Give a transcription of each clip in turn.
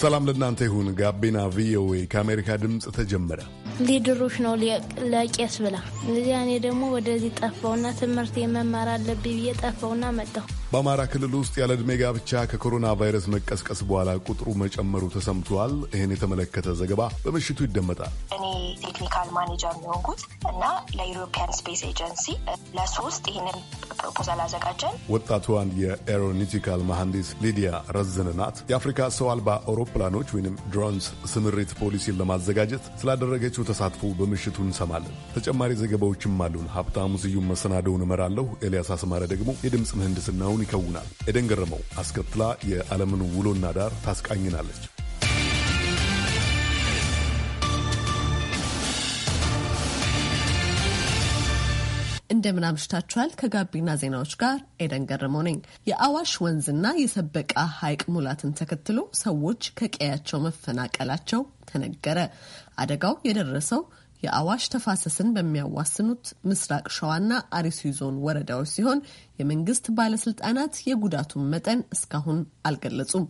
ሰላም ለእናንተ ይሁን። ጋቢና ቪኦኤ ከአሜሪካ ድምፅ ተጀመረ። ሊድሩሽ ነው ለቄስ ብላ እዚያ እኔ ደግሞ ወደዚህ ጠፋውና ትምህርት የመማር አለብኝ ብዬ ጠፋውና መጣሁ። በአማራ ክልል ውስጥ ያለ ዕድሜ ጋብቻ ከኮሮና ቫይረስ መቀስቀስ በኋላ ቁጥሩ መጨመሩ ተሰምቷል። ይህን የተመለከተ ዘገባ በምሽቱ ይደመጣል። እኔ ቴክኒካል ማኔጀር የሚሆንኩት እና ለዩሮፒያን ስፔስ ኤጀንሲ ለሶስት ይህንን ፕሮፖዛል አዘጋጀን። ወጣቷን የኤሮኒቲካል መሐንዲስ ሊዲያ ረዝንናት የአፍሪካ ሰው አልባ አውሮፕላኖች ወይም ድሮንስ ስምሪት ፖሊሲን ለማዘጋጀት ስላደረገችው ተሳትፎ በምሽቱ እንሰማለን። ተጨማሪ ዘገባዎችም አሉን። ሀብታሙ ስዩም መሰናደውን እመራለሁ። ኤልያስ አስማረ ደግሞ የድምፅ ምህንድስናውን ይከውናል። ኤደን ገረመው አስከትላ የዓለምን ውሎና ዳር ታስቃኝናለች። እንደምን አምሽታችኋል። ከጋቢና ዜናዎች ጋር ኤደን ገረመው ነኝ። የአዋሽ ወንዝና የሰበቃ ሐይቅ ሙላትን ተከትሎ ሰዎች ከቀያቸው መፈናቀላቸው ተነገረ። አደጋው የደረሰው የአዋሽ ተፋሰስን በሚያዋስኑት ምስራቅ ሸዋና አርሲ ዞን ወረዳዎች ሲሆን የመንግስት ባለስልጣናት የጉዳቱን መጠን እስካሁን አልገለጹም።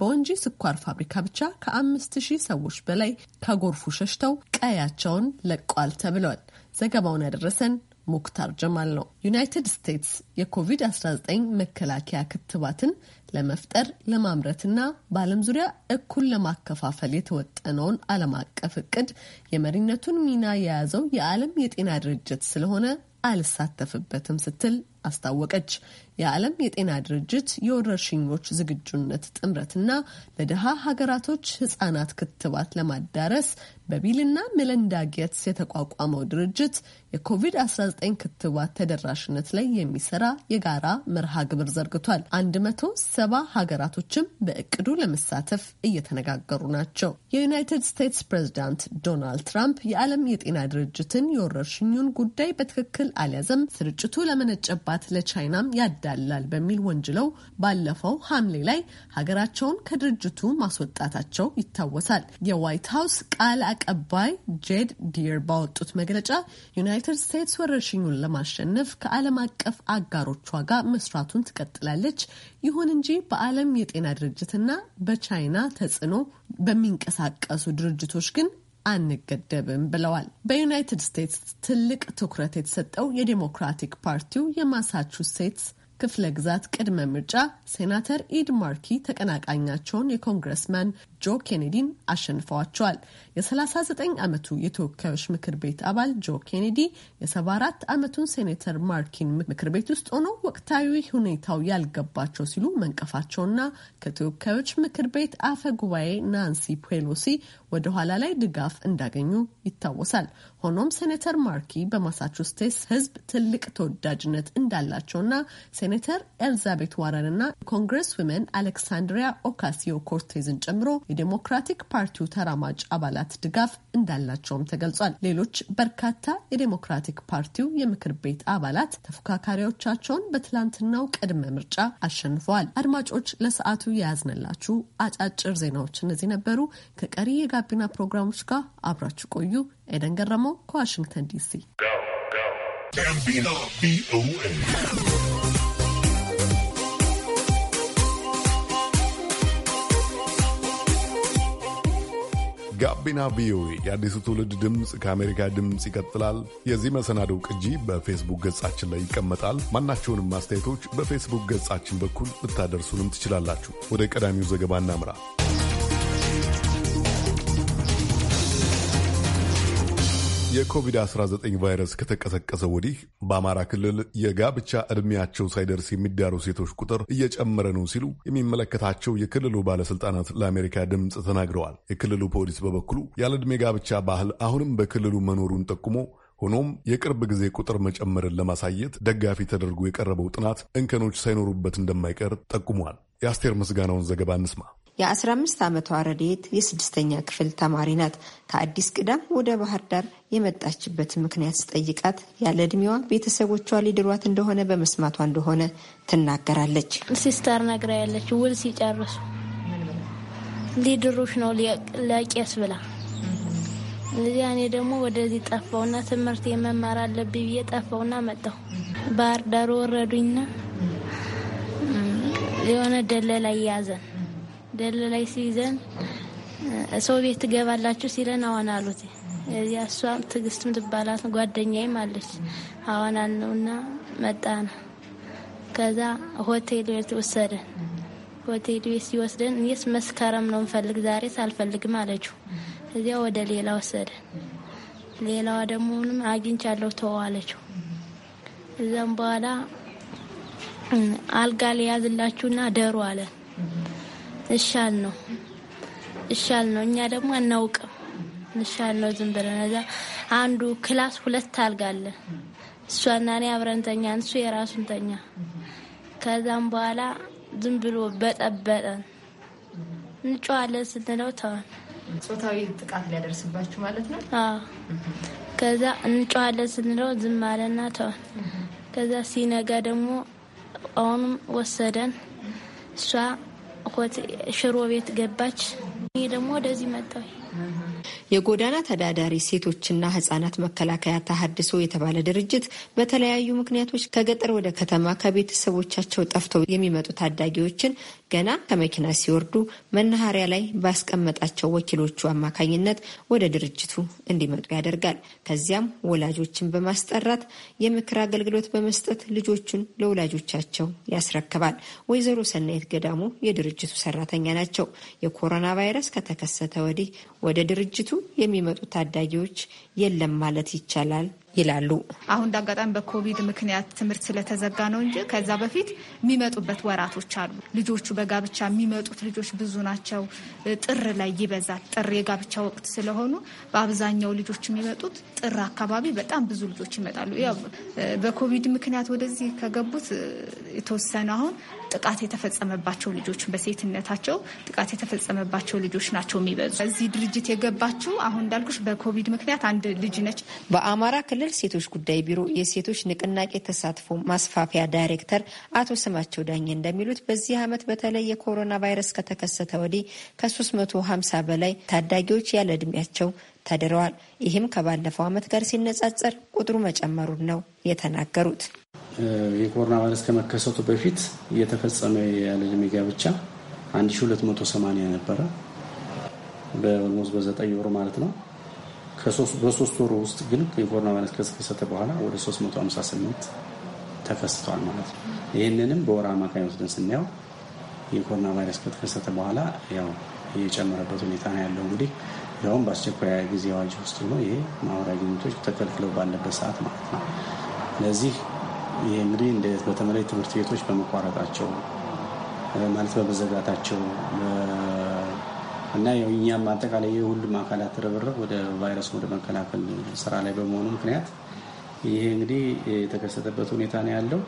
በወንጂ ስኳር ፋብሪካ ብቻ ከአምስት ሺህ ሰዎች በላይ ከጎርፉ ሸሽተው ቀያቸውን ለቋል ተብለዋል። ዘገባውን ያደረሰን ሙክታር ጀማል ነው። ዩናይትድ ስቴትስ የኮቪድ-19 መከላከያ ክትባትን ለመፍጠር ለማምረትና በዓለም ዙሪያ እኩል ለማከፋፈል የተወጠነውን ዓለም አቀፍ እቅድ የመሪነቱን ሚና የያዘው የዓለም የጤና ድርጅት ስለሆነ አልሳተፍበትም ስትል አስታወቀች። የዓለም የጤና ድርጅት የወረርሽኞች ዝግጁነት ጥምረትና ለድሃ ሀገራቶች ህጻናት ክትባት ለማዳረስ በቢልና ሜለንዳ ጌትስ የተቋቋመው ድርጅት የኮቪድ-19 ክትባት ተደራሽነት ላይ የሚሰራ የጋራ መርሃ ግብር ዘርግቷል። አንድ መቶ ሰባ ሀገራቶችም በእቅዱ ለመሳተፍ እየተነጋገሩ ናቸው። የዩናይትድ ስቴትስ ፕሬዚዳንት ዶናልድ ትራምፕ የዓለም የጤና ድርጅትን የወረርሽኙን ጉዳይ በትክክል አልያዘም፣ ስርጭቱ ለመነጨባት ስርዓት ለቻይናም ያዳላል በሚል ወንጅለው ባለፈው ሐምሌ ላይ ሀገራቸውን ከድርጅቱ ማስወጣታቸው ይታወሳል። የዋይት ሀውስ ቃል አቀባይ ጄድ ዲር ባወጡት መግለጫ ዩናይትድ ስቴትስ ወረርሽኙን ለማሸነፍ ከዓለም አቀፍ አጋሮቿ ጋር መስራቱን ትቀጥላለች። ይሁን እንጂ በዓለም የጤና ድርጅትና በቻይና ተጽዕኖ በሚንቀሳቀሱ ድርጅቶች ግን አንገደብም ብለዋል። በዩናይትድ ስቴትስ ትልቅ ትኩረት የተሰጠው የዴሞክራቲክ ፓርቲው የማሳቹሴትስ ክፍለ ግዛት ቅድመ ምርጫ ሴናተር ኢድ ማርኪ ተቀናቃኛቸውን የኮንግረስማን ጆ ኬኔዲን አሸንፈዋቸዋል። የ39 ዓመቱ የተወካዮች ምክር ቤት አባል ጆ ኬኔዲ የ74 ዓመቱን ሴኔተር ማርኪን ምክር ቤት ውስጥ ሆኖ ወቅታዊ ሁኔታው ያልገባቸው ሲሉ መንቀፋቸውና ከተወካዮች ምክር ቤት አፈ ጉባኤ ናንሲ ፔሎሲ ወደ ኋላ ላይ ድጋፍ እንዳገኙ ይታወሳል። ሆኖም ሴኔተር ማርኪ በማሳቹስቴትስ ሕዝብ ትልቅ ተወዳጅነት እንዳላቸውና ሴኔተር ኤልዛቤት እና ኮንግረስ ዊመን አሌክሳንድሪያ ኦካሲዮ ኮርቴዝን ጨምሮ የዴሞክራቲክ ፓርቲው ተራማጭ አባላት ድጋፍ እንዳላቸውም ተገልጿል። ሌሎች በርካታ የዴሞክራቲክ ፓርቲው የምክር ቤት አባላት ተፎካካሪዎቻቸውን በትላንትናው ቅድመ ምርጫ አሸንፈዋል። አድማጮች ለሰዓቱ የያዝንላችሁ አጫጭር ዜናዎች እነዚህ ነበሩ። ከቀሪ የጋ ጋቢና ፕሮግራሞች ጋር አብራችሁ ቆዩ። ኤደን ገረመው ከዋሽንግተን ዲሲ ጋቢና ቪኦኤ የአዲሱ ትውልድ ድምፅ ከአሜሪካ ድምፅ ይቀጥላል። የዚህ መሰናዶው ቅጂ በፌስቡክ ገጻችን ላይ ይቀመጣል። ማናቸውንም ማስተያየቶች በፌስቡክ ገጻችን በኩል ልታደርሱንም ትችላላችሁ። ወደ ቀዳሚው ዘገባ እናምራ። የኮቪድ-19 ቫይረስ ከተቀሰቀሰ ወዲህ በአማራ ክልል የጋብቻ ዕድሜያቸው ሳይደርስ የሚዳሩ ሴቶች ቁጥር እየጨመረ ነው ሲሉ የሚመለከታቸው የክልሉ ባለስልጣናት ለአሜሪካ ድምፅ ተናግረዋል። የክልሉ ፖሊስ በበኩሉ ያለዕድሜ ጋብቻ ባህል አሁንም በክልሉ መኖሩን ጠቁሞ ሆኖም የቅርብ ጊዜ ቁጥር መጨመርን ለማሳየት ደጋፊ ተደርጎ የቀረበው ጥናት እንከኖች ሳይኖሩበት እንደማይቀር ጠቁሟል። የአስቴር ምስጋናውን ዘገባ እንስማ። የ15 ዓመቷ ረዴት የስድስተኛ ክፍል ተማሪ ናት። ከአዲስ ቅዳም ወደ ባህር ዳር የመጣችበት ምክንያት ስጠይቃት ያለ እድሜዋ ቤተሰቦቿ ሊድሯት እንደሆነ በመስማቷ እንደሆነ ትናገራለች። ሲስተር ነግራ ያለች ውል ሲጨርሱ ሊድሩሽ ነው ለቄስ ብላ እዚያ እኔ ደግሞ ወደዚህ ጠፋውና ትምህርት የመማር አለብኝ ብዬ ጠፋውና መጣሁ። ባህር ዳር ወረዱኝና የሆነ ደለላ እያያዘን ላይ ሲይዘን ሰው ቤት ትገባላችሁ ሲለን አዋን አሉት። እዚያ እሷ ትግስትም ትባላት ጓደኛዬም አለች አዋን አልነውና መጣ ነው። ከዛ ሆቴል ቤት ወሰደን። ሆቴል ቤት ሲወስደን እኔስ መስከረም ነው እንፈልግ ዛሬ ሳልፈልግም አለችው። እዚያ ወደ ሌላ ወሰደን። ሌላዋ ደግሞ ምንም አግኝቻለሁ ተው አለችው። እዛም በኋላ አልጋ ሊያዝላችሁና ደሩ አለን። እሻል ነው እሻል ነው። እኛ ደግሞ አናውቅም። እሻል ነው ዝም ብለን እዛ አንዱ ክላስ ሁለት አልጋ እሷና እኔ አብረን ተኛን፣ እሱ የራሱን ተኛ። ከዛም በኋላ ዝም ብሎ በጠበጠን። እንጨዋለን ስንለው ተዋል። ጾታዊ ጥቃት ሊያደርስባችሁ ማለት ነው። ከዛ እንጨዋለን ስንለው ዝም አለና ተዋል። ከዛ ሲነጋ ደግሞ አሁንም ወሰደን እሷ ሽሮ ቤት ገባች። እኔ ደግሞ ወደዚህ መጣ የጎዳና ተዳዳሪ ሴቶችና ህጻናት መከላከያ ተሀድሶ የተባለ ድርጅት በተለያዩ ምክንያቶች ከገጠር ወደ ከተማ ከቤተሰቦቻቸው ጠፍተው የሚመጡ ታዳጊዎችን ገና ከመኪና ሲወርዱ መናኸሪያ ላይ ባስቀመጣቸው ወኪሎቹ አማካኝነት ወደ ድርጅቱ እንዲመጡ ያደርጋል። ከዚያም ወላጆችን በማስጠራት የምክር አገልግሎት በመስጠት ልጆቹን ለወላጆቻቸው ያስረክባል። ወይዘሮ ሰናየት ገዳሙ የድርጅቱ ሰራተኛ ናቸው። የኮሮና ቫይረስ ከተከሰተ ወዲህ ወደ ድርጅቱ የሚመጡ ታዳጊዎች የለም ማለት ይቻላል ይላሉ። አሁን እንደ አጋጣሚ በኮቪድ ምክንያት ትምህርት ስለተዘጋ ነው እንጂ ከዛ በፊት የሚመጡበት ወራቶች አሉ። ልጆቹ በጋብቻ የሚመጡት ልጆች ብዙ ናቸው። ጥር ላይ ይበዛል። ጥር የጋብቻ ወቅት ስለሆኑ በአብዛኛው ልጆች የሚመጡት ጥር አካባቢ በጣም ብዙ ልጆች ይመጣሉ። ያው በኮቪድ ምክንያት ወደዚህ ከገቡት የተወሰነ አሁን ጥቃት የተፈጸመባቸው ልጆች በሴትነታቸው ጥቃት የተፈጸመባቸው ልጆች ናቸው የሚበዙ። እዚህ ድርጅት የገባችው አሁን እንዳልኩሽ በኮቪድ ምክንያት አንድ ልጅ ነች። በአማራ ክልል የክልል ሴቶች ጉዳይ ቢሮ የሴቶች ንቅናቄ ተሳትፎ ማስፋፊያ ዳይሬክተር አቶ ስማቸው ዳኘ እንደሚሉት በዚህ ዓመት በተለይ የኮሮና ቫይረስ ከተከሰተ ወዲህ ከ350 በላይ ታዳጊዎች ያለ ዕድሜያቸው ተድረዋል። ይህም ከባለፈው ዓመት ጋር ሲነጻጸር ቁጥሩ መጨመሩን ነው የተናገሩት። የኮሮና ቫይረስ ከመከሰቱ በፊት እየተፈጸመ ያለ ዕድሜ ጋብቻ 1280 ነበረ። በኦልሞስት በዘጠኝ ወሩ ማለት ነው በሶስት ወሩ ውስጥ ግን የኮሮና ቫይረስ ከተከሰተ በኋላ ወደ 358 ተከስቷል ማለት ነው። ይህንንም በወር አማካኝ ወስደን ስናየው የኮሮና ቫይረስ ከተከሰተ በኋላ ያው የጨመረበት ሁኔታ ነው ያለው። እንግዲህ ያውም በአስቸኳይ ጊዜ አዋጅ ውስጥ ሆኖ ይሄ ማህበራዊ ግንኙነቶች ተከልክለው ባለበት ሰዓት ማለት ነው። ስለዚህ ይህ እንግዲህ በተመላይ ትምህርት ቤቶች በመቋረጣቸው ማለት በመዘጋታቸው እና ያው እኛም አጠቃላይ የሁሉም አካላት ርብርብ ወደ ቫይረሱ ወደ መከላከል ስራ ላይ በመሆኑ ምክንያት ይሄ እንግዲህ የተከሰተበት ሁኔታ ነው ያለው።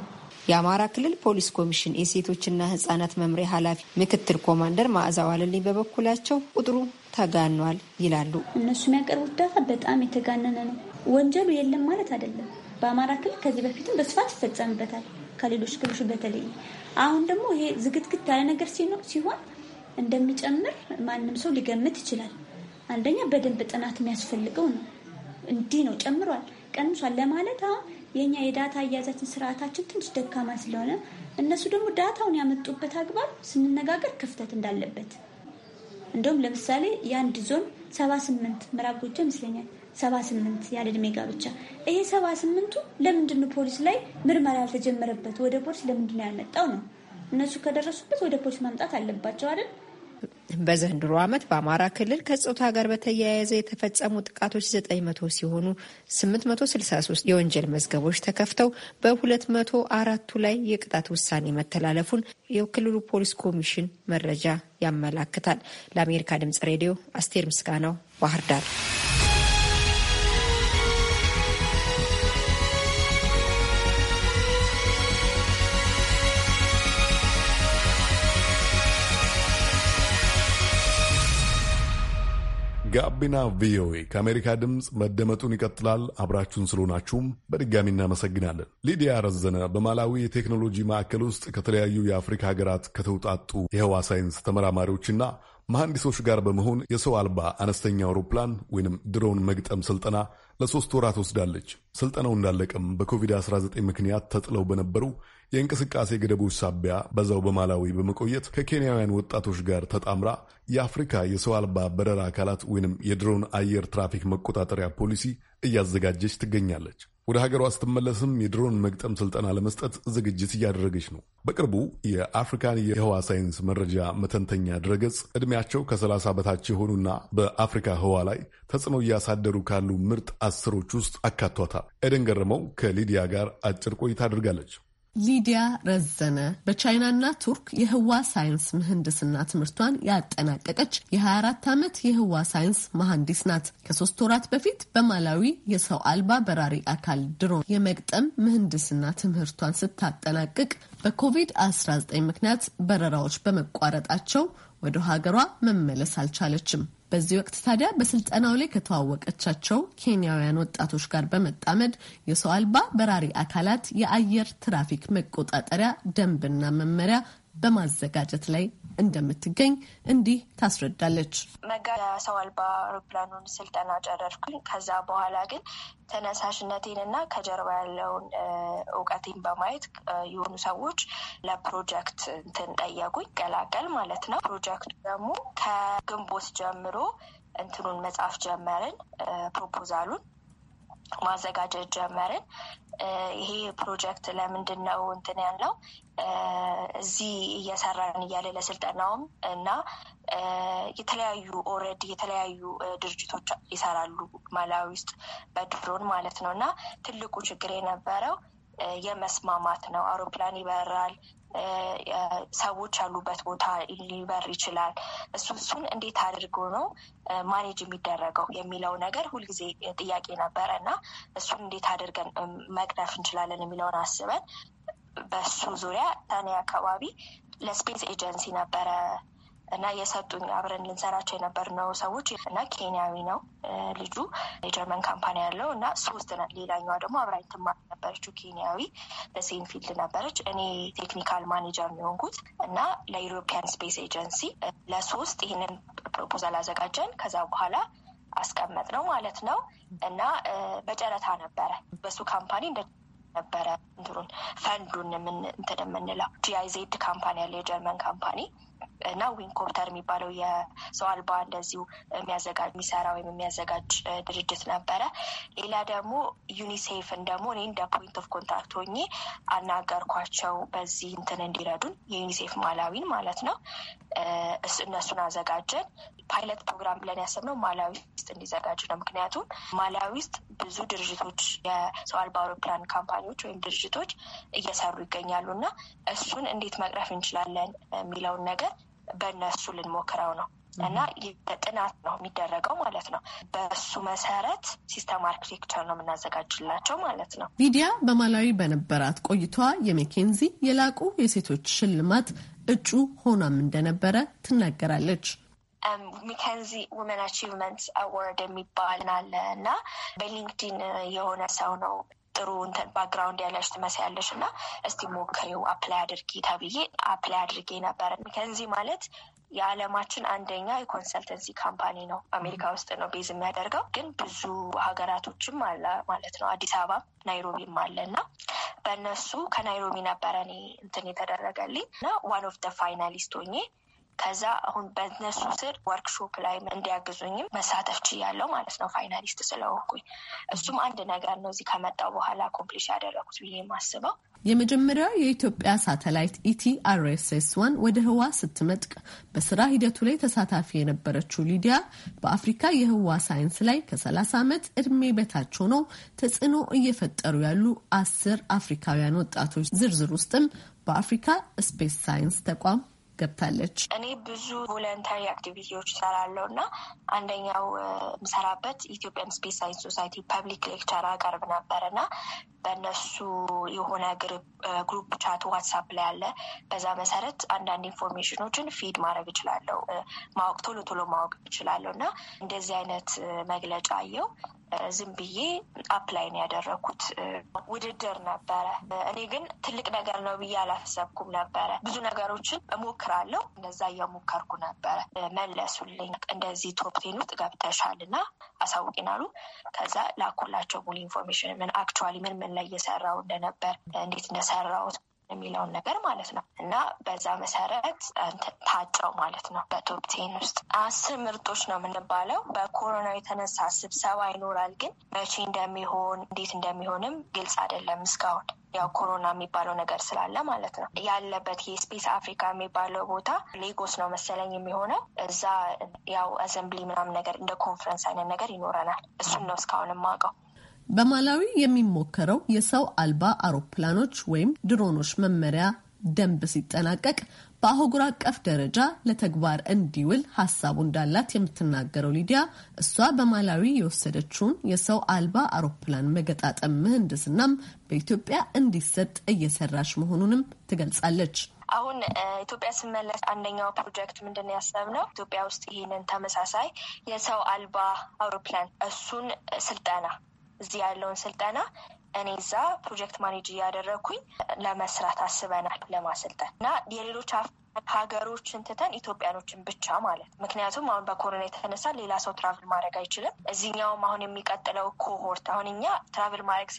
የአማራ ክልል ፖሊስ ኮሚሽን የሴቶችና ህጻናት መምሪያ ኃላፊ ምክትል ኮማንደር ማዕዛ ዋለልኝ በበኩላቸው ቁጥሩ ተጋኗል ይላሉ። እነሱ የሚያቀርቡት ዳታ በጣም የተጋነነ ነው። ወንጀሉ የለም ማለት አይደለም። በአማራ ክልል ከዚህ በፊትም በስፋት ይፈጸምበታል ከሌሎች ክልሎች በተለይ። አሁን ደግሞ ይሄ ዝግትግት ያለ ነገር ሲሆን እንደሚጨምር ማንም ሰው ሊገምት ይችላል። አንደኛ በደንብ ጥናት የሚያስፈልገው ነው። እንዲህ ነው ጨምሯል፣ ቀንሷል ለማለት አሁን የእኛ የዳታ አያያዛችን ስርዓታችን ትንሽ ደካማ ስለሆነ እነሱ ደግሞ ዳታውን ያመጡበት አግባብ ስንነጋገር ክፍተት እንዳለበት እንደውም ለምሳሌ የአንድ ዞን ሰባ ስምንት ምዕራብ ጎጆ ይመስለኛል ሰባ ስምንት ያለ እድሜ ጋብቻ ይሄ ሰባ ስምንቱ ለምንድን ነው ፖሊስ ላይ ምርመራ ያልተጀመረበት? ወደ ፖሊስ ለምንድን ነው ያልመጣው ነው። እነሱ ከደረሱበት ወደ ፖሊስ ማምጣት አለባቸው አይደል? በዘንድሮ ዓመት በአማራ ክልል ከጾታ ጋር በተያያዘ የተፈጸሙ ጥቃቶች 900 ሲሆኑ 863 የወንጀል መዝገቦች ተከፍተው በ204ቱ ላይ የቅጣት ውሳኔ መተላለፉን የክልሉ ፖሊስ ኮሚሽን መረጃ ያመላክታል። ለአሜሪካ ድምጽ ሬዲዮ አስቴር ምስጋናው ባህር ዳር ጋቢና ቪኦኤ ከአሜሪካ ድምፅ መደመጡን ይቀጥላል። አብራችሁን ስለሆናችሁም በድጋሚ እናመሰግናለን። ሊዲያ ረዘነ በማላዊ የቴክኖሎጂ ማዕከል ውስጥ ከተለያዩ የአፍሪካ ሀገራት ከተውጣጡ የህዋ ሳይንስ ተመራማሪዎችና መሐንዲሶች ጋር በመሆን የሰው አልባ አነስተኛ አውሮፕላን ወይም ድሮን መግጠም ስልጠና ለሶስት ወራት ወስዳለች። ስልጠናው እንዳለቀም በኮቪድ-19 ምክንያት ተጥለው በነበሩ የእንቅስቃሴ ገደቦች ሳቢያ በዛው በማላዊ በመቆየት ከኬንያውያን ወጣቶች ጋር ተጣምራ የአፍሪካ የሰው አልባ በረራ አካላት ወይንም የድሮን አየር ትራፊክ መቆጣጠሪያ ፖሊሲ እያዘጋጀች ትገኛለች። ወደ ሀገሯ ስትመለስም የድሮን መግጠም ስልጠና ለመስጠት ዝግጅት እያደረገች ነው። በቅርቡ የአፍሪካን የህዋ ሳይንስ መረጃ መተንተኛ ድረገጽ ዕድሜያቸው ከ30 በታች የሆኑና በአፍሪካ ህዋ ላይ ተጽዕኖ እያሳደሩ ካሉ ምርጥ አስሮች ውስጥ አካቷታል። ኤደን ገረመው ከሊዲያ ጋር አጭር ቆይታ አድርጋለች። ሊዲያ ረዘነ በቻይናና ቱርክ የህዋ ሳይንስ ምህንድስና ትምህርቷን ያጠናቀቀች የ24 ዓመት የህዋ ሳይንስ መሐንዲስ ናት። ከሶስት ወራት በፊት በማላዊ የሰው አልባ በራሪ አካል ድሮን የመግጠም ምህንድስና ትምህርቷን ስታጠናቅቅ በኮቪድ-19 ምክንያት በረራዎች በመቋረጣቸው ወደ ሀገሯ መመለስ አልቻለችም። በዚህ ወቅት ታዲያ በስልጠናው ላይ ከተዋወቀቻቸው ኬንያውያን ወጣቶች ጋር በመጣመድ የሰው አልባ በራሪ አካላት የአየር ትራፊክ መቆጣጠሪያ ደንብና መመሪያ በማዘጋጀት ላይ እንደምትገኝ እንዲህ ታስረዳለች። መጋ ሰው አልባ አውሮፕላኑን ስልጠና ጨረርኩኝ። ከዛ በኋላ ግን ተነሳሽነቴን እና ከጀርባ ያለውን እውቀቴን በማየት የሆኑ ሰዎች ለፕሮጀክት እንትን ጠየቁኝ። ቀላቀል ማለት ነው። ፕሮጀክቱ ደግሞ ከግንቦት ጀምሮ እንትኑን መጽሐፍ ጀመርን ፕሮፖዛሉን ማዘጋጀት ጀመርን። ይሄ ፕሮጀክት ለምንድን ነው እንትን ያለው እዚህ እየሰራን እያለ ለስልጠናውም እና የተለያዩ ኦልሬዲ የተለያዩ ድርጅቶች ይሰራሉ ማላዊ ውስጥ በድሮን ማለት ነው እና ትልቁ ችግር የነበረው የመስማማት ነው። አውሮፕላን ይበራል፣ ሰዎች ያሉበት ቦታ ሊበር ይችላል። እሱ እሱን እንዴት አድርጎ ነው ማኔጅ የሚደረገው የሚለው ነገር ሁልጊዜ ጥያቄ ነበረ እና እሱን እንዴት አድርገን መቅረፍ እንችላለን የሚለውን አስበን በሱ ዙሪያ ታኔ አካባቢ ለስፔስ ኤጀንሲ ነበረ እና የሰጡኝ አብረን ልንሰራቸው የነበር ነው ሰዎች እና ኬንያዊ ነው ልጁ የጀርመን ካምፓኒ ያለው እና ሶስት ሌላኛዋ ደግሞ አብራኝ ትማር ነበረችው ኬንያዊ በሴም ፊልድ ነበረች። እኔ ቴክኒካል ማኔጀር የሚሆንኩት እና ለዩሮፒያን ስፔስ ኤጀንሲ ለሶስት ይህንን ፕሮፖዛል አዘጋጀን። ከዛ በኋላ አስቀመጥ ነው ማለት ነው እና በጨረታ ነበረ በሱ ካምፓኒ እንደ ነበረ እንትሩን ፈንዱን ምን እንትን የምንለው ጂአይዜድ ካምፓኒ ያለ የጀርመን ካምፓኒ እና ዊንኮፕተር የሚባለው የሰው አልባ እንደዚሁ የሚሰራ ወይም የሚያዘጋጅ ድርጅት ነበረ። ሌላ ደግሞ ዩኒሴፍን ደግሞ እኔ እንደ ፖይንት ኦፍ ኮንታክት ሆኜ አናገርኳቸው በዚህ እንትን እንዲረዱን የዩኒሴፍ ማላዊን ማለት ነው። እነሱን አዘጋጀን። ፓይለት ፕሮግራም ብለን ያሰብነው ማላዊ ውስጥ እንዲዘጋጅ ነው። ምክንያቱም ማላዊ ውስጥ ብዙ ድርጅቶች የሰው አልባ አውሮፕላን ካምፓኒዎች ወይም ድርጅቶች እየሰሩ ይገኛሉ እና እሱን እንዴት መቅረፍ እንችላለን የሚለውን ነገር በእነሱ ልንሞክረው ነው እና በጥናት ነው የሚደረገው ማለት ነው። በሱ መሰረት ሲስተም አርኪቴክቸር ነው የምናዘጋጅላቸው ማለት ነው። ሊዲያ በማላዊ በነበራት ቆይቷ የሜኬንዚ የላቁ የሴቶች ሽልማት እጩ ሆኗም እንደነበረ ትናገራለች። ሚኬንዚ ውመን አቺቭመንት አዋርድ የሚባል አለ እና በሊንክዲን የሆነ ሰው ነው ጥሩ ባክግራውንድ ያለሽ ትመስያለሽ እና እስቲ ሞክሪው አፕላይ አድርጊ ተብዬ አፕላይ አድርጌ ነበር። ከዚህ ማለት የዓለማችን አንደኛ የኮንሰልተንሲ ካምፓኒ ነው። አሜሪካ ውስጥ ነው ቤዝ የሚያደርገው፣ ግን ብዙ ሀገራቶችም አለ ማለት ነው። አዲስ አበባ ናይሮቢም አለ እና በእነሱ ከናይሮቢ ነበረ እኔ እንትን የተደረገልኝ እና ዋን ኦፍ ደ ፋይናሊስት ሆኜ ከዛ አሁን በነሱ ስር ወርክሾፕ ላይ እንዲያግዙኝም መሳተፍ ችያለው ማለት ነው ፋይናሊስት ስለሆንኩኝ። እሱም አንድ ነገር ነው እዚህ ከመጣው በኋላ ኮምፕሊሽ ያደረኩት ብዬ የማስበው። የመጀመሪያው የኢትዮጵያ ሳተላይት ኢቲ አርኤስኤስ ዋን ወደ ህዋ ስትመጥቅ በስራ ሂደቱ ላይ ተሳታፊ የነበረችው ሊዲያ በአፍሪካ የህዋ ሳይንስ ላይ ከ30 ዓመት እድሜ በታች ሆነው ተጽዕኖ እየፈጠሩ ያሉ አስር አፍሪካውያን ወጣቶች ዝርዝር ውስጥም በአፍሪካ ስፔስ ሳይንስ ተቋም ገብታለች። እኔ ብዙ ቮለንታሪ አክቲቪቲዎች እሰራለሁ እና አንደኛው የምሰራበት ኢትዮጵያን ስፔስ ሳይንስ ሶሳይቲ ፐብሊክ ሌክቸር አቀርብ ነበር እና በእነሱ የሆነ ግሩፕ ቻት ዋትሳፕ ላይ አለ። በዛ መሰረት አንዳንድ ኢንፎርሜሽኖችን ፊድ ማድረግ እችላለሁ፣ ማወቅ ቶሎ ቶሎ ማወቅ እችላለሁ እና እንደዚህ አይነት መግለጫ አየው። ዝም ብዬ አፕላይ ነው ያደረኩት። ውድድር ነበረ። እኔ ግን ትልቅ ነገር ነው ብዬ አላሰብኩም ነበረ። ብዙ ነገሮችን ሞከ እሞክራለሁ። እንደዛ እየሞከርኩ ነበረ። መለሱልኝ፣ እንደዚህ ቶፕቴን ውስጥ ገብተሻል እና አሳውቂን አሉ። ከዛ ላኩላቸው ሙሉ ኢንፎርሜሽን ምን አክቹዋሊ ምን ምን ላይ እየሰራው እንደነበር እንዴት እንደሰራውት የሚለውን ነገር ማለት ነው እና በዛ መሰረት ታጨው ማለት ነው። በቶፕቴን ውስጥ አስር ምርጦች ነው የምንባለው። በኮሮና የተነሳ ስብሰባ ይኖራል፣ ግን መቼ እንደሚሆን እንዴት እንደሚሆንም ግልጽ አይደለም እስካሁን ያው ኮሮና የሚባለው ነገር ስላለ ማለት ነው። ያለበት የስፔስ አፍሪካ የሚባለው ቦታ ሌጎስ ነው መሰለኝ የሚሆነው። እዛ ያው አሰምብሊ ምናምን ነገር እንደ ኮንፈረንስ አይነት ነገር ይኖረናል። እሱን ነው እስካሁን የማውቀው። በማላዊ የሚሞከረው የሰው አልባ አውሮፕላኖች ወይም ድሮኖች መመሪያ ደንብ ሲጠናቀቅ በአህጉር አቀፍ ደረጃ ለተግባር እንዲውል ሀሳቡ እንዳላት የምትናገረው ሊዲያ እሷ በማላዊ የወሰደችውን የሰው አልባ አውሮፕላን መገጣጠም ምህንድስናም በኢትዮጵያ እንዲሰጥ እየሰራች መሆኑንም ትገልጻለች። አሁን ኢትዮጵያ ስመለስ አንደኛው ፕሮጀክት ምንድን ነው ያሰብነው ኢትዮጵያ ውስጥ ይህንን ተመሳሳይ የሰው አልባ አውሮፕላን እሱን ስልጠና እዚህ ያለውን ስልጠና እኔ እዛ ፕሮጀክት ማኔጅ እያደረግኩኝ ለመስራት አስበናል ለማሰልጠን እና የሌሎች ሀገሮችን ትተን ኢትዮጵያኖችን ብቻ ማለት ምክንያቱም አሁን በኮሮና የተነሳ ሌላ ሰው ትራቭል ማድረግ አይችልም። እዚህኛውም አሁን የሚቀጥለው ኮሆርት አሁን እኛ ትራቭል ማድረግ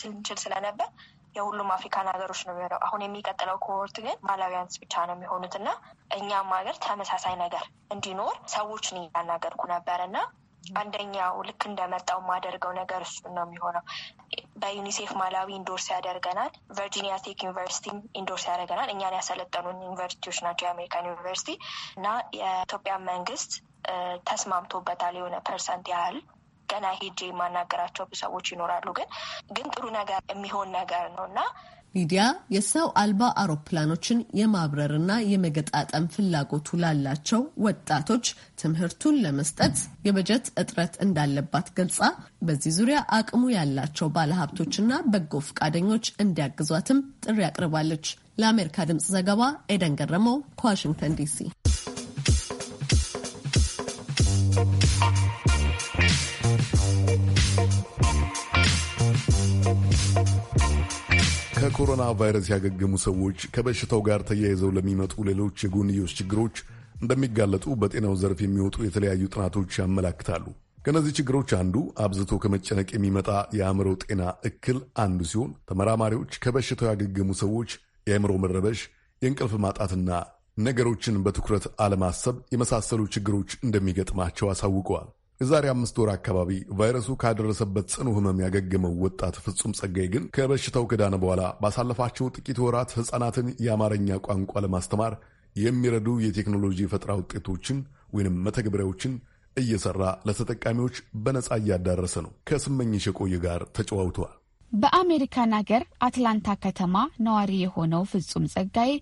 ስንችል ስለነበር የሁሉም አፍሪካን ሀገሮች ነው የሚሆነው። አሁን የሚቀጥለው ኮሆርት ግን ማላዊያንስ ብቻ ነው የሚሆኑት እና እኛም ሀገር ተመሳሳይ ነገር እንዲኖር ሰዎችን እያናገርኩ ነበር እና አንደኛው ልክ እንደመጣው የማደርገው ነገር እሱን ነው የሚሆነው። በዩኒሴፍ ማላዊ ኢንዶርስ ያደርገናል። ቨርጂኒያ ቴክ ዩኒቨርሲቲ ኢንዶርስ ያደርገናል። እኛን ያሰለጠኑን ዩኒቨርሲቲዎች ናቸው የአሜሪካን ዩኒቨርሲቲ እና የኢትዮጵያ መንግስት ተስማምቶበታል የሆነ ፐርሰንት ያህል ገና ሄጄ የማናገራቸው ሰዎች ይኖራሉ። ግን ግን ጥሩ ነገር የሚሆን ነገር ነው እና ሚዲያ የሰው አልባ አውሮፕላኖችን የማብረርና የመገጣጠም ፍላጎቱ ላላቸው ወጣቶች ትምህርቱን ለመስጠት የበጀት እጥረት እንዳለባት ገልጻ በዚህ ዙሪያ አቅሙ ያላቸው ባለሀብቶችና በጎ ፈቃደኞች እንዲያግዟትም ጥሪ አቅርባለች። ለአሜሪካ ድምፅ ዘገባ ኤደን ገረመው ከዋሽንግተን ዲሲ ከኮሮና ቫይረስ ያገገሙ ሰዎች ከበሽታው ጋር ተያይዘው ለሚመጡ ሌሎች የጎንዮሽ ችግሮች እንደሚጋለጡ በጤናው ዘርፍ የሚወጡ የተለያዩ ጥናቶች ያመላክታሉ። ከእነዚህ ችግሮች አንዱ አብዝቶ ከመጨነቅ የሚመጣ የአእምሮ ጤና እክል አንዱ ሲሆን ተመራማሪዎች ከበሽታው ያገገሙ ሰዎች የአእምሮ መረበሽ፣ የእንቅልፍ ማጣትና ነገሮችን በትኩረት አለማሰብ የመሳሰሉ ችግሮች እንደሚገጥማቸው አሳውቀዋል። የዛሬ አምስት ወር አካባቢ ቫይረሱ ካደረሰበት ጽኑ ህመም ያገገመው ወጣት ፍጹም ጸጋይ ግን ከበሽታው ክዳነ በኋላ ባሳለፋቸው ጥቂት ወራት ህፃናትን የአማርኛ ቋንቋ ለማስተማር የሚረዱ የቴክኖሎጂ ፈጠራ ውጤቶችን ወይንም መተግበሪያዎችን እየሰራ ለተጠቃሚዎች በነጻ እያዳረሰ ነው። ከስመኝሽ የቆየ ጋር ተጨዋውተዋል። በአሜሪካን አገር አትላንታ ከተማ ነዋሪ የሆነው ፍጹም ጸጋይ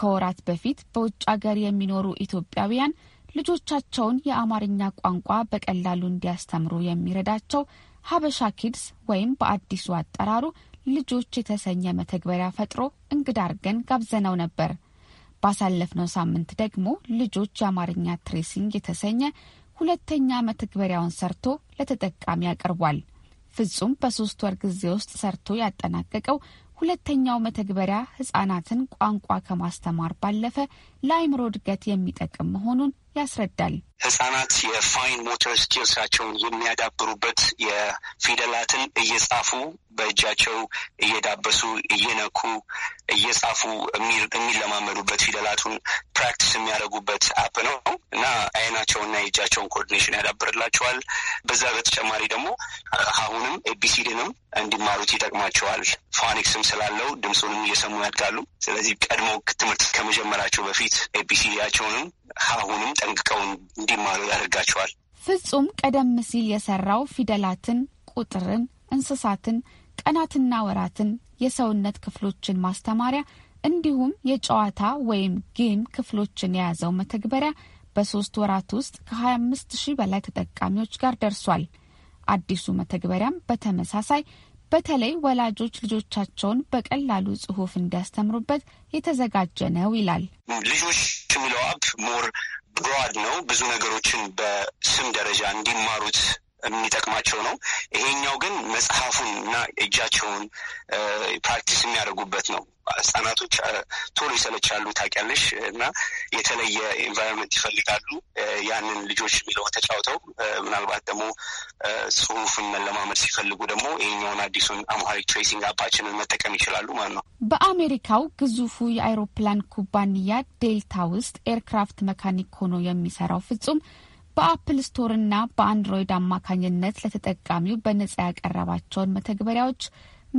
ከወራት በፊት በውጭ አገር የሚኖሩ ኢትዮጵያውያን ልጆቻቸውን የአማርኛ ቋንቋ በቀላሉ እንዲያስተምሩ የሚረዳቸው ሀበሻ ኪድስ ወይም በአዲሱ አጠራሩ ልጆች የተሰኘ መተግበሪያ ፈጥሮ እንግዳ አርገን ጋብዘነው ነበር። ባሳለፍነው ሳምንት ደግሞ ልጆች የአማርኛ ትሬሲንግ የተሰኘ ሁለተኛ መተግበሪያውን ሰርቶ ለተጠቃሚ ያቀርቧል። ፍጹም በሶስት ወር ጊዜ ውስጥ ሰርቶ ያጠናቀቀው ሁለተኛው መተግበሪያ ህጻናትን ቋንቋ ከማስተማር ባለፈ ለአይምሮ እድገት የሚጠቅም መሆኑን ያስረዳል። ህጻናት የፋይን ሞተር ስኪልሳቸውን የሚያዳብሩበት የፊደላትን እየጻፉ በእጃቸው እየዳበሱ እየነኩ እየጻፉ የሚለማመዱበት ፊደላቱን ፕራክቲስ የሚያደርጉበት አፕ ነው እና አይናቸውና የእጃቸውን ኮኦርዲኔሽን ያዳብርላቸዋል። በዛ በተጨማሪ ደግሞ አሁንም ኤቢሲድንም እንዲማሩት ይጠቅማቸዋል። ፎኒክስም ስላለው ድምፁንም እየሰሙ ያድጋሉ። ስለዚህ ቀድሞ ትምህርት ከመጀመራቸው በፊት ኤቢሲዲያቸውንም አሁንም ጠንቅቀው እንዲማሩ ያደርጋቸዋል። ፍጹም ቀደም ሲል የሰራው ፊደላትን፣ ቁጥርን፣ እንስሳትን፣ ቀናትና ወራትን፣ የሰውነት ክፍሎችን ማስተማሪያ እንዲሁም የጨዋታ ወይም ጌም ክፍሎችን የያዘው መተግበሪያ በሶስት ወራት ውስጥ ከ25 ሺህ በላይ ተጠቃሚዎች ጋር ደርሷል። አዲሱ መተግበሪያም በተመሳሳይ በተለይ ወላጆች ልጆቻቸውን በቀላሉ ጽሁፍ እንዲያስተምሩበት የተዘጋጀ ነው ይላል። ልጆች ብለው ሞር ብሮድ ነው ብዙ ነገሮችን በስም ደረጃ እንዲማሩት የሚጠቅማቸው ነው። ይሄኛው ግን መጽሐፉን እና እጃቸውን ፕራክቲስ የሚያደርጉበት ነው። ህጻናቶች ቶሎ ይሰለቻሉ ታውቂያለሽ፣ እና የተለየ ኤንቫይሮንመንት ይፈልጋሉ። ያንን ልጆች የሚለው ተጫውተው ምናልባት ደግሞ ጽሁፍን መለማመድ ሲፈልጉ ደግሞ ይህኛውን አዲሱን አምሃሪክ ትሬሲንግ አባችንን መጠቀም ይችላሉ ማለት ነው። በአሜሪካው ግዙፉ የአይሮፕላን ኩባንያ ዴልታ ውስጥ ኤርክራፍት መካኒክ ሆኖ የሚሰራው ፍጹም በአፕል ስቶርና በአንድሮይድ አማካኝነት ለተጠቃሚው በነጻ ያቀረባቸውን መተግበሪያዎች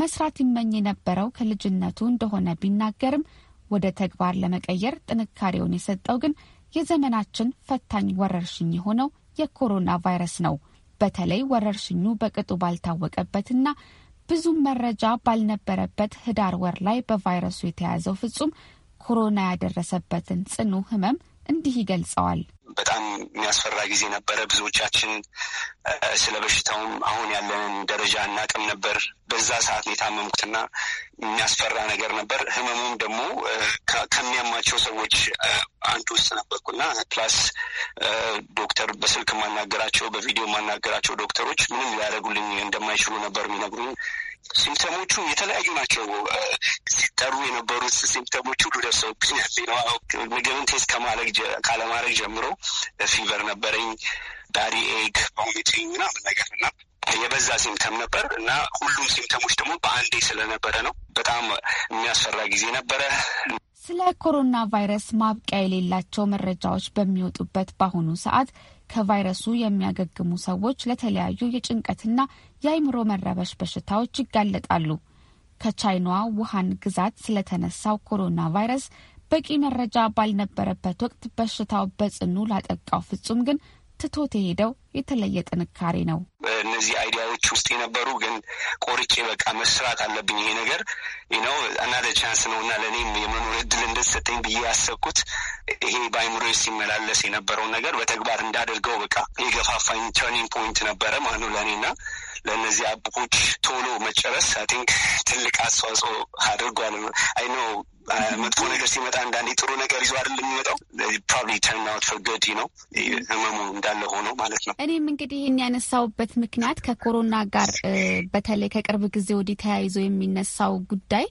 መስራት ይመኝ የነበረው ከልጅነቱ እንደሆነ ቢናገርም ወደ ተግባር ለመቀየር ጥንካሬውን የሰጠው ግን የዘመናችን ፈታኝ ወረርሽኝ የሆነው የኮሮና ቫይረስ ነው። በተለይ ወረርሽኙ በቅጡ ባልታወቀበትና ብዙም መረጃ ባልነበረበት ህዳር ወር ላይ በቫይረሱ የተያዘው ፍጹም ኮሮና ያደረሰበትን ጽኑ ህመም እንዲህ ይገልጸዋል። በጣም የሚያስፈራ ጊዜ ነበረ። ብዙዎቻችን ስለ በሽታውም አሁን ያለንን ደረጃ እናቅም ነበር። በዛ ሰዓት የታመምኩትና የሚያስፈራ ነገር ነበር። ህመሙም ደግሞ ከሚያማቸው ሰዎች አንዱ ውስጥ ነበርኩና ፕላስ ዶክተር በስልክ ማናገራቸው፣ በቪዲዮ ማናገራቸው ዶክተሮች ምንም ሊያደርጉልኝ እንደማይችሉ ነበር የሚነግሩኝ ሲምፕተሞቹ የተለያዩ ናቸው። ሲጠሩ የነበሩት ሲምፕተሞች ሁሉ ደርሰውብኛል። ምግብን ቴስት ካለማድረግ ጀምሮ ፊቨር ነበረኝ፣ ባዲ ኤግ፣ ቮሚቲንግ ምናምን ነገር እና የበዛ ሲምተም ነበር እና ሁሉም ሲምተሞች ደግሞ በአንዴ ስለነበረ ነው በጣም የሚያስፈራ ጊዜ ነበረ። ስለ ኮሮና ቫይረስ ማብቂያ የሌላቸው መረጃዎች በሚወጡበት በአሁኑ ሰዓት ከቫይረሱ የሚያገግሙ ሰዎች ለተለያዩ የጭንቀትና የአይምሮ መረበሽ በሽታዎች ይጋለጣሉ። ከቻይናዋ ውሃን ግዛት ስለተነሳው ኮሮና ቫይረስ በቂ መረጃ ባልነበረበት ወቅት በሽታው በጽኑ ላጠቃው ፍጹም ግን ትቶት የሄደው የተለየ ጥንካሬ ነው። እነዚህ አይዲያዎች ውስጥ የነበሩ ግን ቆርጬ በቃ መስራት አለብኝ ይሄ ነገር ነው አናደ ቻንስ ነው እና ለእኔም የመኖር እድል እንደተሰጠኝ ብዬ ያሰብኩት ይሄ በአይምሮ ሲመላለስ የነበረውን ነገር በተግባር እንዳደርገው በቃ የገፋፋኝ ተርኒንግ ፖይንት ነበረ ማለት ነው ለእኔና ለእነዚህ አቦች ቶሎ መጨረስ አይ ቲንክ ትልቅ አስተዋጽኦ አድርጓል። አይ ነው uh, መጥፎ ነገር ሲመጣ አንዳንዴ ጥሩ ነገር ይዞ አይደል የሚመጣው። ፕሮባብሊ ተርን አውት ፎር ጉድ ነው ህመሙ እንዳለ ሆኖ ማለት ነው። እኔም እንግዲህ ይህን ያነሳውበት ምክንያት ከኮሮና ጋር በተለይ ከቅርብ ጊዜ ወዲህ ተያይዞ የሚነሳው ጉዳይ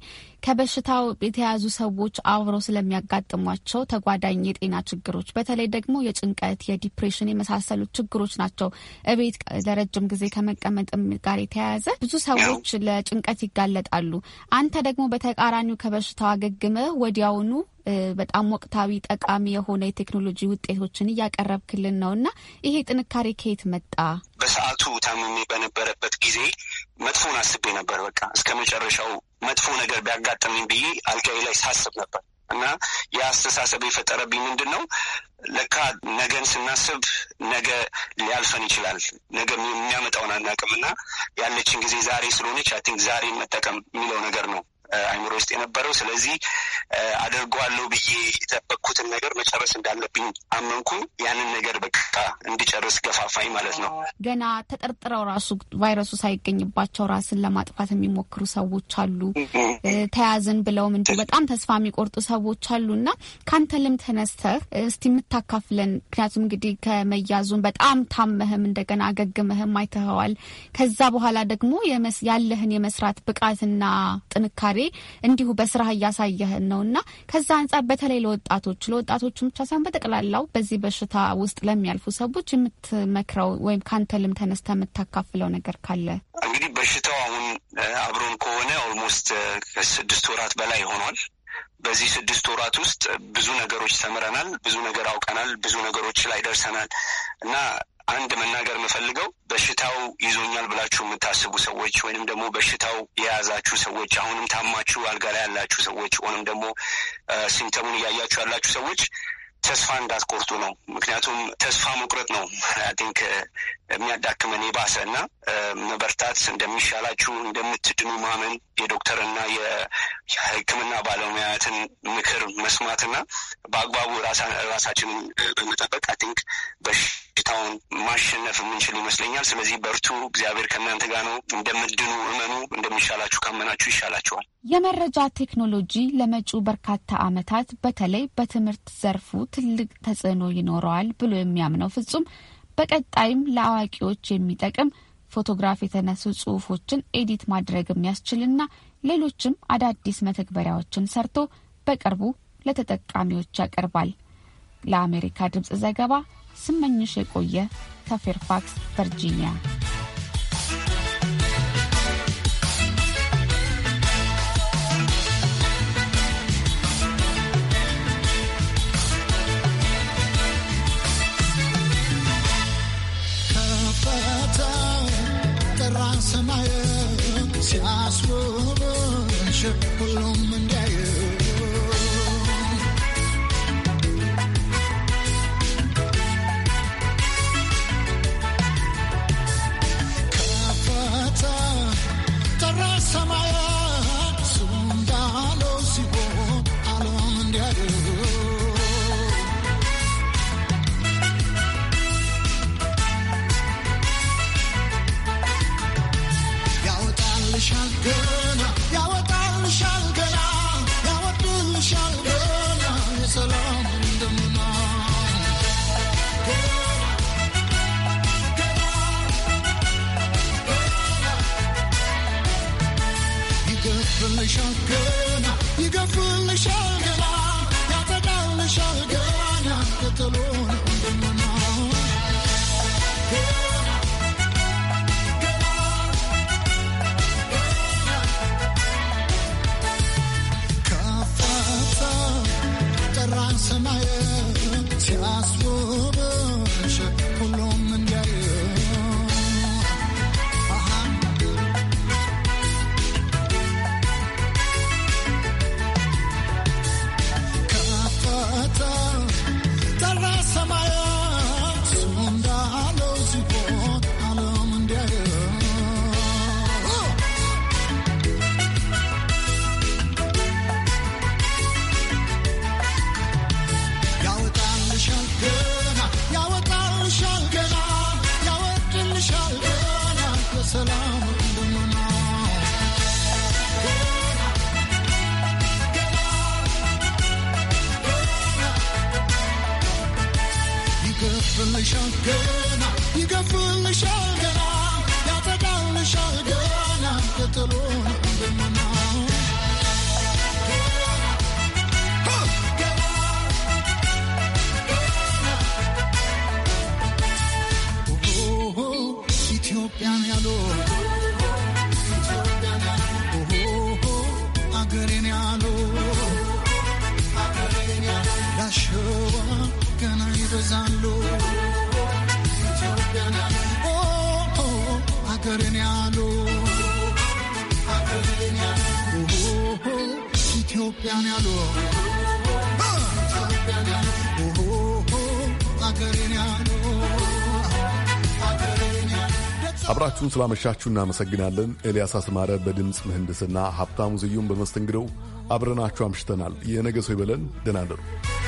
ከበሽታው የተያዙ ሰዎች አብረው ስለሚያጋጥሟቸው ተጓዳኝ የጤና ችግሮች በተለይ ደግሞ የጭንቀት፣ የዲፕሬሽን የመሳሰሉት ችግሮች ናቸው። እቤት ለረጅም ጊዜ ከመቀመጥ ጋር የተያያዘ ብዙ ሰዎች ለጭንቀት ይጋለጣሉ። አንተ ደግሞ በተቃራኒው ከበሽታው አገግመህ ወዲያውኑ በጣም ወቅታዊ ጠቃሚ የሆነ የቴክኖሎጂ ውጤቶችን እያቀረብክልን ነው እና ይሄ ጥንካሬ ከየት መጣ? በሰዓቱ ታምሜ በነበረበት ጊዜ መጥፎን አስቤ ነበር። በቃ እስከ መጨረሻው መጥፎ ነገር ቢያጋጥመኝ ብዬ አልጋዬ ላይ ሳስብ ነበር እና የአስተሳሰብ የፈጠረብኝ ምንድን ነው? ለካ ነገን ስናስብ ነገ ሊያልፈን ይችላል። ነገ የሚያመጣውን አናውቅም እና ያለችን ጊዜ ዛሬ ስለሆነች አይ ቲንክ ዛሬ መጠቀም የሚለው ነገር ነው አይምሮ ውስጥ የነበረው። ስለዚህ አደርገዋለሁ ብዬ የጠበቅኩትን ነገር መጨረስ እንዳለብኝ አመንኩ። ያንን ነገር በቃ እንዲጨርስ ገፋፋኝ ማለት ነው። ገና ተጠርጥረው ራሱ ቫይረሱ ሳይገኝባቸው ራስን ለማጥፋት የሚሞክሩ ሰዎች አሉ። ተያዝን ብለውም እንዲሁ በጣም ተስፋ የሚቆርጡ ሰዎች አሉ እና ከአንተ ልም ተነስተህ እስቲ የምታካፍለን ምክንያቱም እንግዲህ ከመያዙን በጣም ታመህም እንደገና አገግመህም አይተኸዋል። ከዛ በኋላ ደግሞ ያለህን የመስራት ብቃትና ጥንካሬ እንዲሁ በስራ እያሳየህን ነው እና ከዛ አንጻር በተለይ ለወጣቶች ለወጣቶቹ ብቻ ሳይሆን በጠቅላላው በዚህ በሽታ ውስጥ ለሚያልፉ ሰዎች የምትመክረው ወይም ከአንተ ልም ተነስተ የምታካፍለው ነገር ካለ እንግዲህ በሽታው አሁን አብሮን ከሆነ ኦልሞስት ከስድስት ወራት በላይ ሆኗል። በዚህ ስድስት ወራት ውስጥ ብዙ ነገሮች ተምረናል፣ ብዙ ነገር አውቀናል፣ ብዙ ነገሮች ላይ ደርሰናል እና አንድ መናገር የምፈልገው በሽታው ይዞኛል ብላችሁ የምታስቡ ሰዎች ወይንም ደግሞ በሽታው የያዛችሁ ሰዎች አሁንም ታማችሁ አልጋ ላይ ያላችሁ ሰዎች ወይንም ደግሞ ሲምተሙን እያያችሁ ያላችሁ ሰዎች ተስፋ እንዳትቆርጡ ነው። ምክንያቱም ተስፋ መቁረጥ ነው አይ ቲንክ የሚያዳክመን የባሰ እና መበርታት እንደሚሻላችሁ እንደምትድኑ ማመን የዶክተርና የሕክምና ባለሙያትን ምክር መስማትና በአግባቡ ራሳችንን በመጠበቅ አይ ቲንክ በሽ በሽታውን ማሸነፍ የምንችል ይመስለኛል። ስለዚህ በርቱ፣ እግዚአብሔር ከእናንተ ጋር ነው፣ እንደምድኑ እመኑ፣ እንደሚሻላችሁ ካመናችሁ ይሻላችኋል። የመረጃ ቴክኖሎጂ ለመጪው በርካታ ዓመታት በተለይ በትምህርት ዘርፉ ትልቅ ተጽዕኖ ይኖረዋል ብሎ የሚያምነው ፍጹም በቀጣይም ለአዋቂዎች የሚጠቅም ፎቶግራፍ የተነሱ ጽሁፎችን ኤዲት ማድረግ የሚያስችልና ሌሎችም አዳዲስ መተግበሪያዎችን ሰርቶ በቅርቡ ለተጠቃሚዎች ያቀርባል። ለአሜሪካ ድምፅ ዘገባ ስመኝሽ የቆየ ከፌርፋክስ ቨርጂኒያ። i ገና ይገፉልሻል ገና ያጠቃልሻል ገና ቅጥሉ ኢትዮጵያን ያሉ አብራችሁን ስላመሻችሁ እናመሰግናለን። ኤልያስ አስማረ በድምፅ ምህንድስና፣ ሀብታሙ ዝዩም በመስተንግደው አብረናችሁ አምሽተናል። የነገ ሰው ይበለን። ደህና እደሩ።